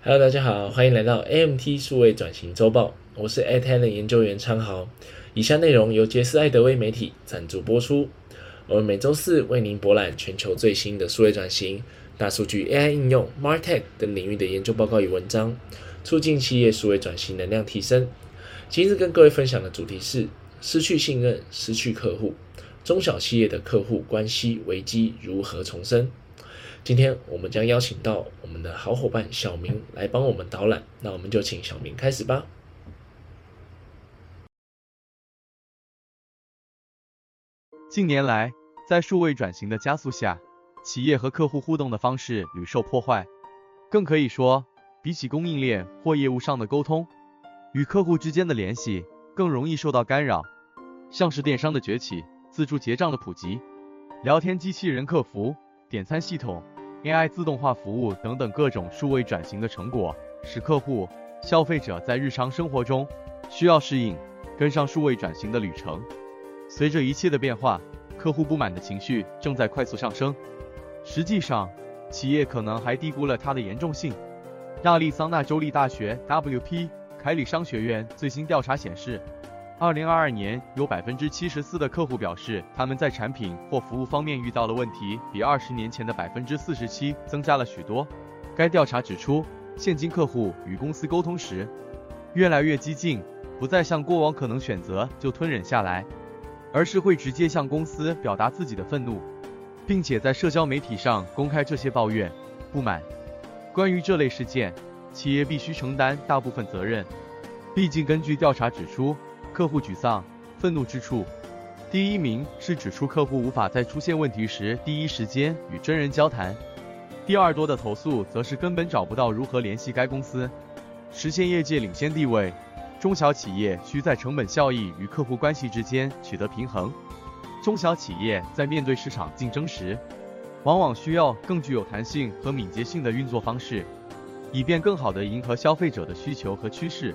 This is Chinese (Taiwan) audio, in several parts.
Hello，大家好，歡迎來到 a MT 數位轉型週報，我是 ATN 研究員昌豪。以下內容由傑斯艾德威媒體贊助播出。我們每週四為您博覽全球最新的數位轉型、大數據、AI 應用、MarTech 等領域的研究報告與文章，促進企業數位轉型能量提升。今日跟各位分享的主題是：失去信任，失去客戶，中小企業的客戶關係危機如何重生？今天我們將邀請到我們的好夥伴小明來幫我們導覽，那我們就請小明開始吧。近年來，在數位轉型的加速下，企業和客戶互動的方式屢受破壞，更可以說，比起供應鏈或業務上的溝通，與客戶之間的聯繫更容易受到干擾。像是電商的崛起、自助結賬的普及、聊天機器人客服。點餐系統、AI 自動化服務等等各種數位轉型的成果，使客戶、消費者在日常生活中需要適應、跟上數位轉型的旅程。隨着一切的變化，客戶不滿的情緒正在快速上升。實際上，企業可能還低估了它的嚴重性。亞利桑那州立大學 WP 凱里商學院最新調查顯示，二零二二年，有百分之七十四的客戶表示他們在產品或服務方面遇到的問題，比二十年前的百分之四十七增加了許多。該調查指出，現今客戶與公司溝通時越來越激進，不再像過往可能選擇就吞忍下來，而是會直接向公司表達自己的憤怒，並且在社交媒體上公開這些抱怨、不滿。關於這類事件，企業必須承擔大部分責任，畢竟根據調查指出。客戶沮喪、憤怒之處，第一名是指出客戶無法在出現問題時第一時間與真人交談；第二多的投訴則是根本找不到如何聯繫該公司。實現業界領先地位，中小企業需在成本效益與客戶關係之間取得平衡。中小企業在面對市場競爭時，往往需要更具有彈性和敏捷性的運作方式，以便更好地迎合消費者的需求和趨勢。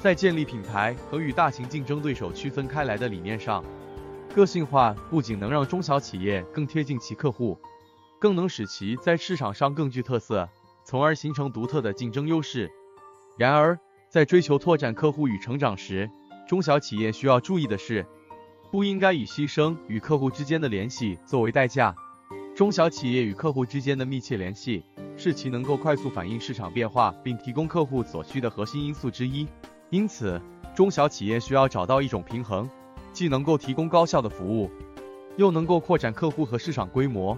在建立品牌和與大型競爭對手區分開來的理念上，個性化不僅能讓中小企業更貼近其客戶，更能使其在市場上更具特色，從而形成獨特的競爭優勢。然而，在追求拓展客戶與成長時，中小企業需要注意的是，不應該以犧牲與客戶之間的聯繫作為代價。中小企業與客戶之間的密切聯繫，是其能夠快速反映市場變化並提供客戶所需的核心因素之一。因此，中小企業需要找到一種平衡，既能夠提供高效的服務，又能夠擴展客戶和市場規模，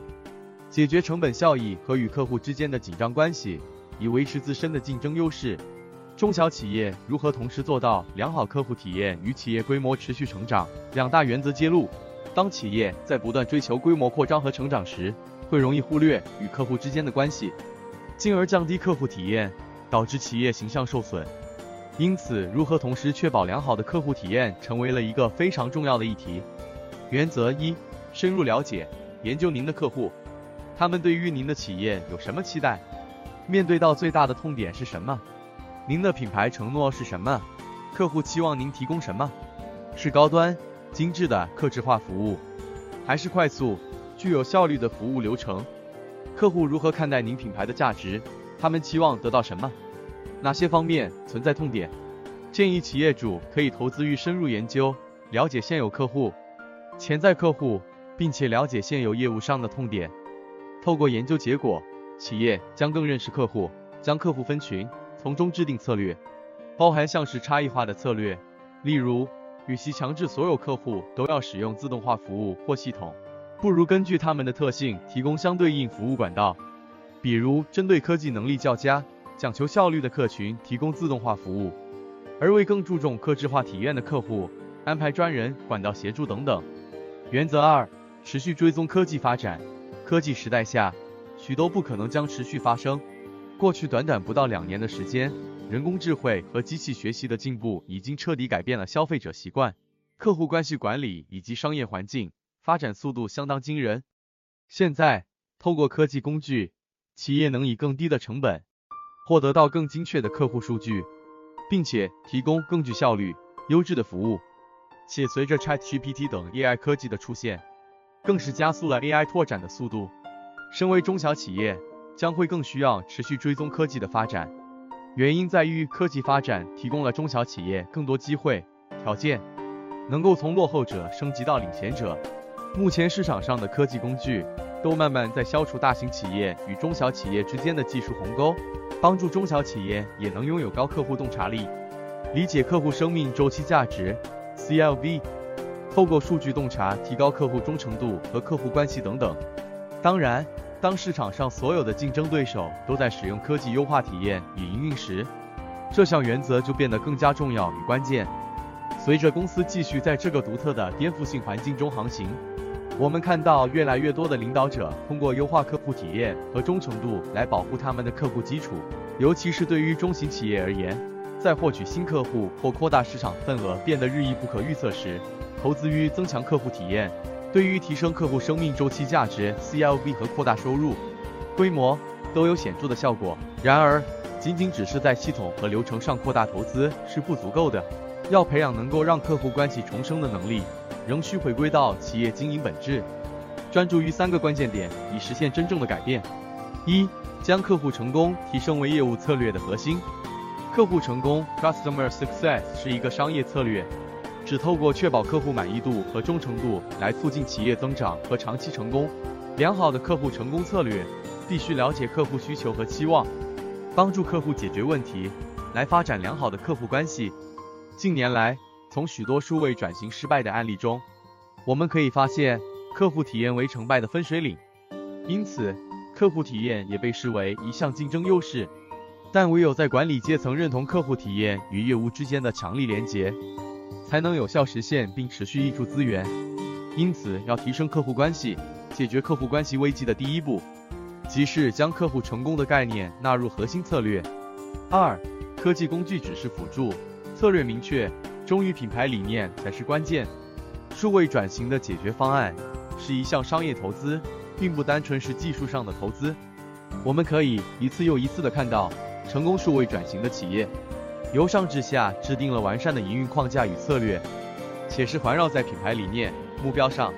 解決成本效益和與客戶之間的緊張關係，以維持自身的競爭優勢。中小企業如何同時做到良好客戶體驗與企業規模持續成長？兩大原則揭露。當企業在不斷追求規模擴張和成長時，會容易忽略與客戶之間的關係，進而降低客戶體驗，導致企業形象受損。因此，如何同時確保良好的客戶體驗，成為了一個非常重要的議題。原則一：深入了解，研究您的客戶，他們對於您的企業有什麼期待？面對到最大的痛點是什麼？您的品牌承諾是什麼？客戶期望您提供什麼？是高端、精緻的客製化服務，還是快速、具有效率的服務流程？客戶如何看待您品牌的價值？他們期望得到什麼？哪些方面存在痛點？建議企業主可以投資於深入研究，了解現有客戶、潛在客戶，並且了解現有業務上的痛點。透過研究結果，企業將更認識客戶，將客戶分群，從中制定策略，包含像是差異化的策略，例如，與其強制所有客戶都要使用自動化服務或系統，不如根據他們的特性提供相對應服務管道，比如針對科技能力較佳。講求效率的客群提供自動化服務，而為更注重客制化體驗的客戶安排專人管道協助等等。原則二，持續追蹤科技發展。科技時代下，許多不可能將持續發生。過去短短不到兩年的時間，人工智慧和機器學習的進步已經徹底改變了消費者習慣、客戶關係管理以及商業環境，發展速度相當驚人。現在，透過科技工具，企業能以更低的成本。獲得到更精確的客戶數據，並且提供更具效率、優質的服務。且隨着 ChatGPT 等 AI 科技的出現，更是加速了 AI 拓展的速度。身為中小企業，將會更需要持續追蹤科技的發展，原因在於科技發展提供了中小企業更多機會條件，能夠從落後者升級到領先者。目前市場上的科技工具都慢慢在消除大型企業與中小企業之間的技術鴻溝，幫助中小企業也能擁有高客戶洞察力，理解客戶生命周期價值 （CLV），透過數據洞察提高客戶忠誠度和客戶關係等等。當然，當市場上所有的競爭對手都在使用科技優化體驗與營運時，這項原則就變得更加重要與關鍵。隨着公司繼續在這個獨特的顛覆性環境中航行，我們看到越來越多的領導者通過優化客戶體驗和忠誠度來保護他們的客戶基礎，尤其是對於中型企業而言，在獲取新客戶或擴大市場份額變得日益不可預測時，投資於增強客戶體驗，對於提升客戶生命週期價值 （CLV） 和擴大收入規模都有顯著的效果。然而，僅僅只是在系統和流程上擴大投資是不足夠的。要培養能夠讓客戶關係重生的能力，仍需回歸到企業經營本質。專注於三個關鍵點，以實現真正的改變。一、將客戶成功提升為業務策略的核心。客戶成功 （Customer Success） 是一個商業策略，只透過確保客戶滿意度和忠誠度來促進企業增長和長期成功。良好的客戶成功策略，必須了解客戶需求和期望，幫助客戶解決問題，來發展良好的客戶關係。近年來，從許多數位轉型失敗的案例中，我們可以發現，客戶體驗為成敗的分水嶺，因此，客戶體驗也被視為一項競爭優勢。但唯有在管理階層認同客戶體驗與業務之間的強力連結，才能有效實現並持續挹注資源。因此，要提升客戶關係，解決客戶關係危機的第一步，即是將客戶成功的概念納入核心策略。二、科技工具只是輔助。策略明確，忠於品牌理念才是關鍵。數位轉型的解決方案是一項商業投資，並不單純是技術上的投資。我們可以一次又一次的看到，成功數位轉型的企業，由上至下制定了完善的營運框架與策略，且是環繞在品牌理念目標上。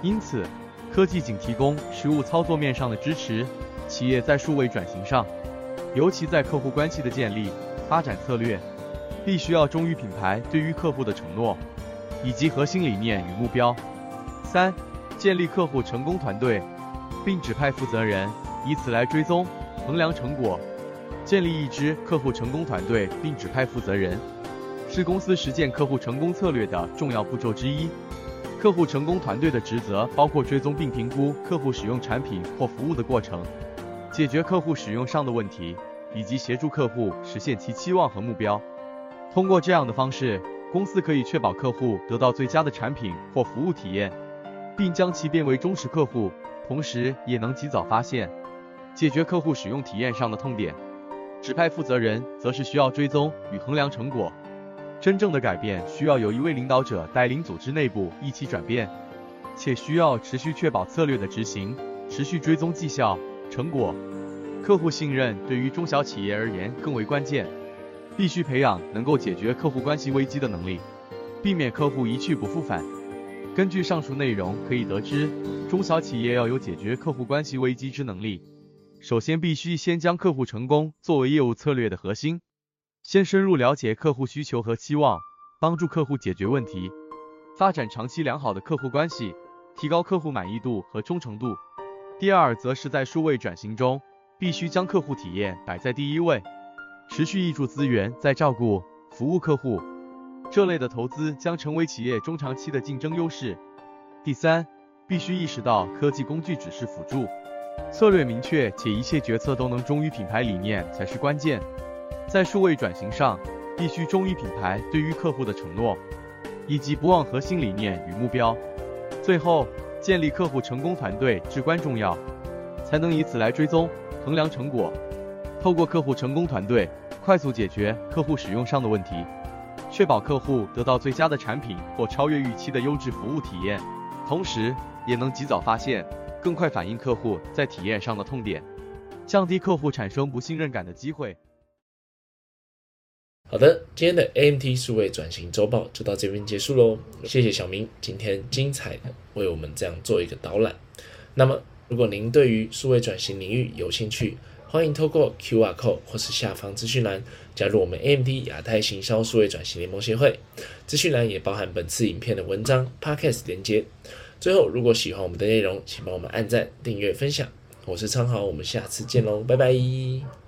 因此，科技僅提供實務操作面上的支持。企業在數位轉型上，尤其在客戶關係的建立、發展策略。必須要忠於品牌對於客戶的承諾，以及核心理念與目標。三、建立客戶成功團隊，並指派負責人，以此來追蹤、衡量成果。建立一支客戶成功團隊並指派負責人，是公司實踐客戶成功策略的重要步驟之一。客戶成功團隊的職責包括追蹤並評估客戶使用產品或服務的過程，解決客戶使用上的問題，以及協助客戶實現其期望和目標。通過這樣的方式，公司可以確保客戶得到最佳的產品或服務體驗，並將其變為忠實客戶。同時，也能及早發現、解決客戶使用體驗上的痛點。指派負責人則是需要追蹤與衡量成果。真正的改變需要由一位領導者帶領組織內部一起轉變，且需要持續確保策略的執行，持續追蹤績效成果。客戶信任對於中小企業而言更為關鍵。必須培養能夠解決客戶關係危機的能力，避免客戶一去不復返。根據上述內容可以得知，中小企業要有解決客戶關係危機之能力。首先必須先將客戶成功作為業務策略的核心，先深入了解客戶需求和期望，幫助客戶解決問題，發展長期良好的客戶關係，提高客戶滿意度和忠誠度。第二，則是在數位轉型中，必須將客戶體驗擺在第一位。持續挹注資源在照顧服務客戶，這類的投資將成為企業中長期的競爭優勢。第三，必須意識到科技工具只是輔助，策略明確且一切決策都能忠於品牌理念才是關鍵。在數位轉型上，必須忠於品牌對於客戶的承諾，以及不忘核心理念與目標。最後，建立客戶成功團隊至關重要，才能以此來追蹤衡量成果，透過客戶成功團隊。快速解決客戶使用上的問題，確保客戶得到最佳的產品或超越預期的優質服務體驗，同時也能及早發現、更快反映客戶在體驗上的痛點，降低客戶產生不信任感的機會。好的，今天的 AMT 數位轉型周報就到這邊結束嘍。謝謝小明，今天精彩的為我們這樣做一個導覽。那麼，如果您對於數位轉型領域有興趣，歡迎透過 QR Code 或是下方資訊欄加入我們 AMD 亞太行銷數位轉型聯盟協會。資訊欄也包含本次影片的文章、Podcast 連結。最後，如果喜歡我們的內容，請幫我們按讚、訂閱、分享。我是昌豪，我們下次見嘍，拜拜。